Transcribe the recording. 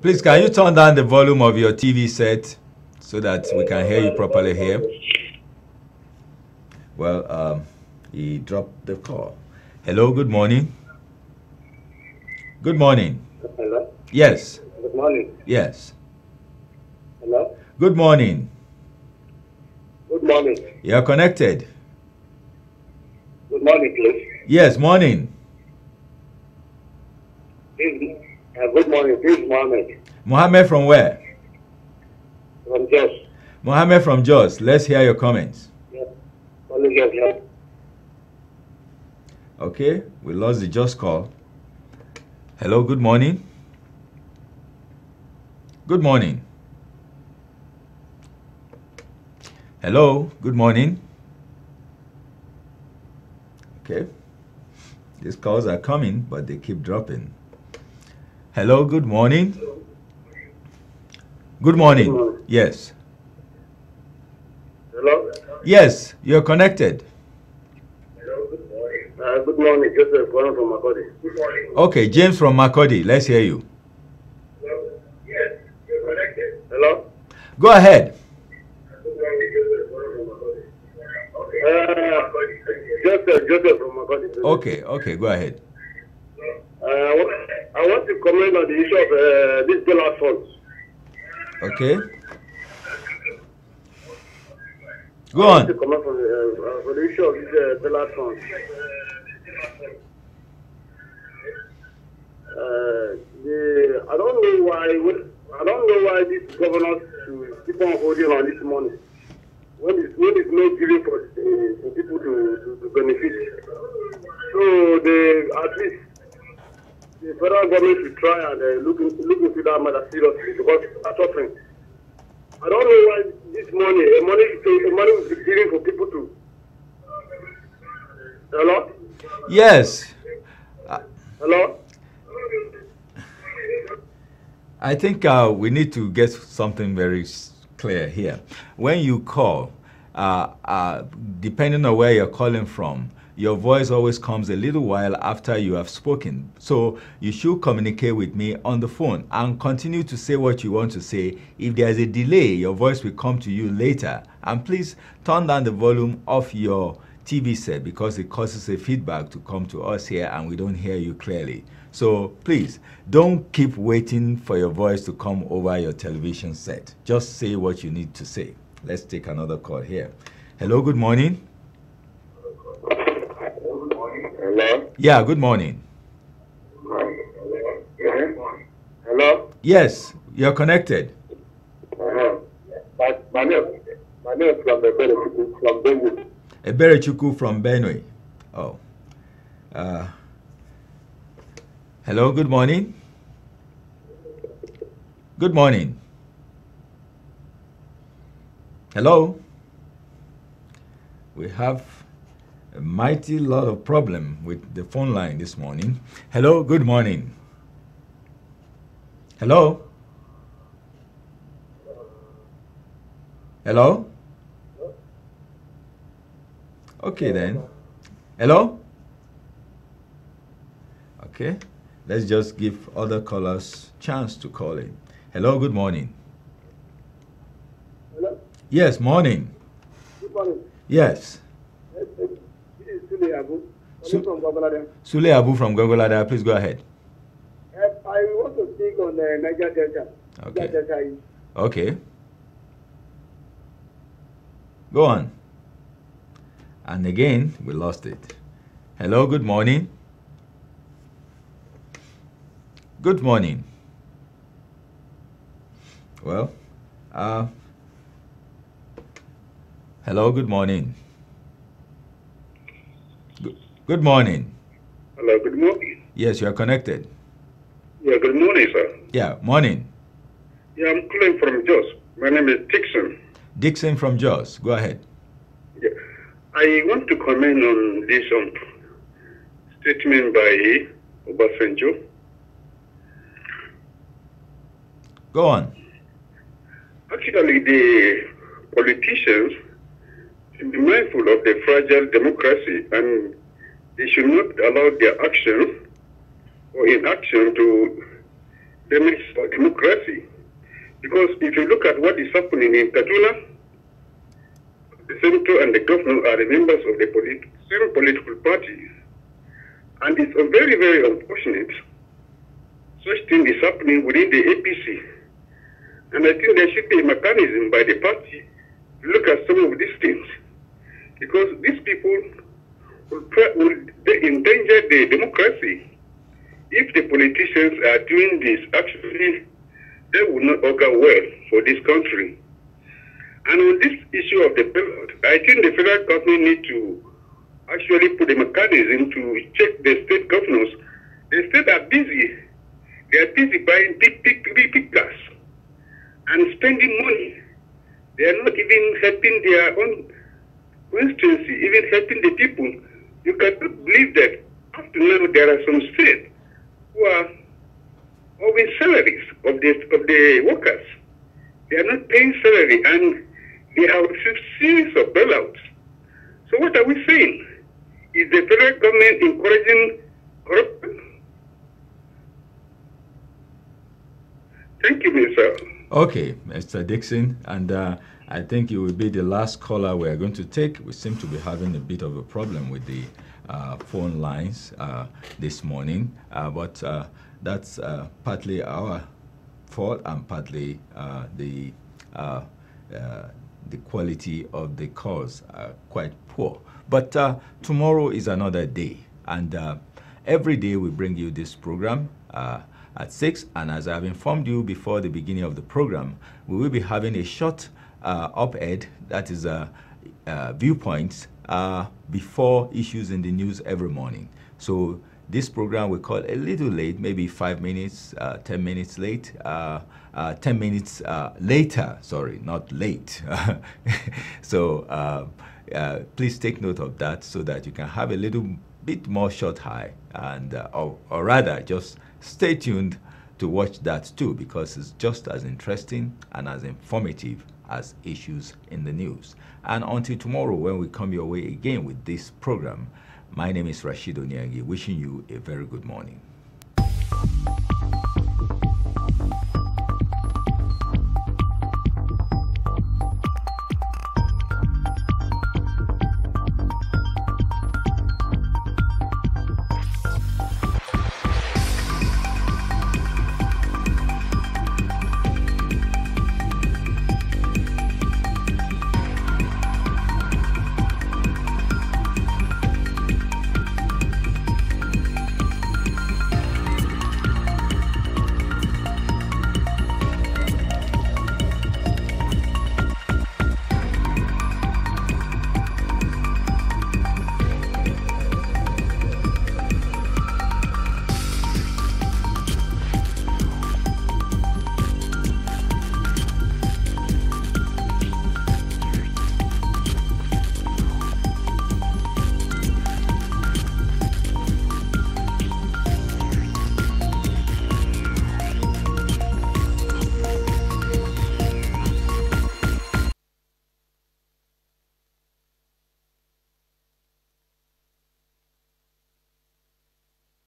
Please, can you turn down the volume of your TV set so that we can hear you properly here? Well, um, he dropped the call. Hello, good morning. Good morning. Hello? Yes. Good morning. Yes. Hello? Good morning. Good morning. You're connected. Good morning, please. Yes, morning. Uh, good morning. This is Mohammed. Mohammed from where? From Jos. Mohammed from Jos. Let's hear your comments. Okay, we lost the Jos call. Hello, good morning. Good morning. Hello, good morning. Okay. These calls are coming, but they keep dropping. Hello, good morning. Good morning. Yes. Hello? Yes, you're connected. Hello, good morning. Uh, good morning, Joseph calling from Makodi. Good morning. Okay, James from Makodi, let's hear you. Hello? Yes, you're connected. Hello? Go ahead. Good morning, Joseph calling from Makodi. Uh, Joseph, Joseph from Makodi. Okay, okay, go ahead. Uh, I want to comment on the issue of uh, this bailout funds. Okay. Go on. I want to comment on the, uh, the issue of this uh, bailout funds. Uh, the, I don't know why I don't know why this governor should keep on holding on this money when it's, when it's not given for try and uh, look, look into that matter seriously because people are suffering. I don't know why this money, a money is a money is given for people to. Hello. Yes. Hello. I think uh, we need to get something very clear here. When you call, uh, uh, depending on where you're calling from, your voice always comes a little while after you have spoken, so you should communicate with me on the phone and continue to say what you want to say. If there is a delay, your voice will come to you later. And please turn down the volume of your TV set because it causes a feedback to come to us here and we don't hear you clearly. So please don't keep waiting for your voice to come over your television set. Just say what you need to say. Let's take another call here. Hello, good morning. Hello? Yeah, good morning. Hello? Yes, you're connected. Uh-huh. My, my, name, my name is from Eberechukwu from Benue. Eberechukwu from Benue. Oh. Uh, hello, good morning. Good morning. Hello. We have a mighty lot of problem with the phone line this morning. Hello, good morning. Hello? Hello? Okay then. Hello? Okay. Let's just give other callers chance to call in. Hello, good morning. Hello? Yes, morning. Good morning. Yes. Sule Abu. from Gogolada. Sule Abu from please go ahead. I want to speak on the uh, Niger Delta. Okay. Delta okay. Go on. And again, we lost it. Hello, good morning. Good morning. Well, uh, hello, good morning. Good morning. Hello, good morning. Yes, you are connected. Yeah, good morning, sir. Yeah, morning. Yeah, I'm calling from Jos. My name is Dixon. Dixon from Jos. Go ahead. Yeah. I want to comment on this um, statement by Obasanjo. Go on. Actually, the politicians should be mindful of the fragile democracy and they should not allow their action or inaction to damage democracy. Because if you look at what is happening in Kaduna, the senator and the governor are the members of the polit same political parties. And it's very, very unfortunate such thing is happening within the APC. And I think there should be a mechanism by the party to look at some of these things. Because these people would, endanger the democracy. If the politicians are doing this, actually, they will not augur well for this country. And on this issue of the bailout, I think the federal government need to actually put a mechanism to check the state governors. The state are busy. They are busy buying big, big, big, big and spending money. They are not even helping their own constituency, even helping the people. You can believe that. After now, there are some states who are owing salaries of the, of the workers. They are not paying salary and they have received series of bailouts. So what are we saying? Is the federal government encouraging corruption? Thank you, Mr. Okay, Mr. Dixon, and uh, I think it will be the last caller we are going to take. We seem to be having a bit of a problem with the uh, phone lines uh, this morning, uh, but uh, that's uh, partly our fault and partly the the quality of the calls are quite poor. But tomorrow is another day, and every day we bring you this program at 6. And as I have informed you before the beginning of the program, we will be having a short uh, op-ed, that is uh, uh, viewpoints, uh, before issues in the news every morning. So this program will call a little late, maybe five minutes, uh, ten minutes late, uh, uh, ten minutes uh, later. Sorry, not late. so uh, please take note of that so that you can have a little bit more short high, and or, or rather just Stay tuned to watch that too because it's just as interesting and as informative as issues in the news. And until tomorrow when we come your way again with this program, my name is Rashid Onyangi wishing you a very good morning.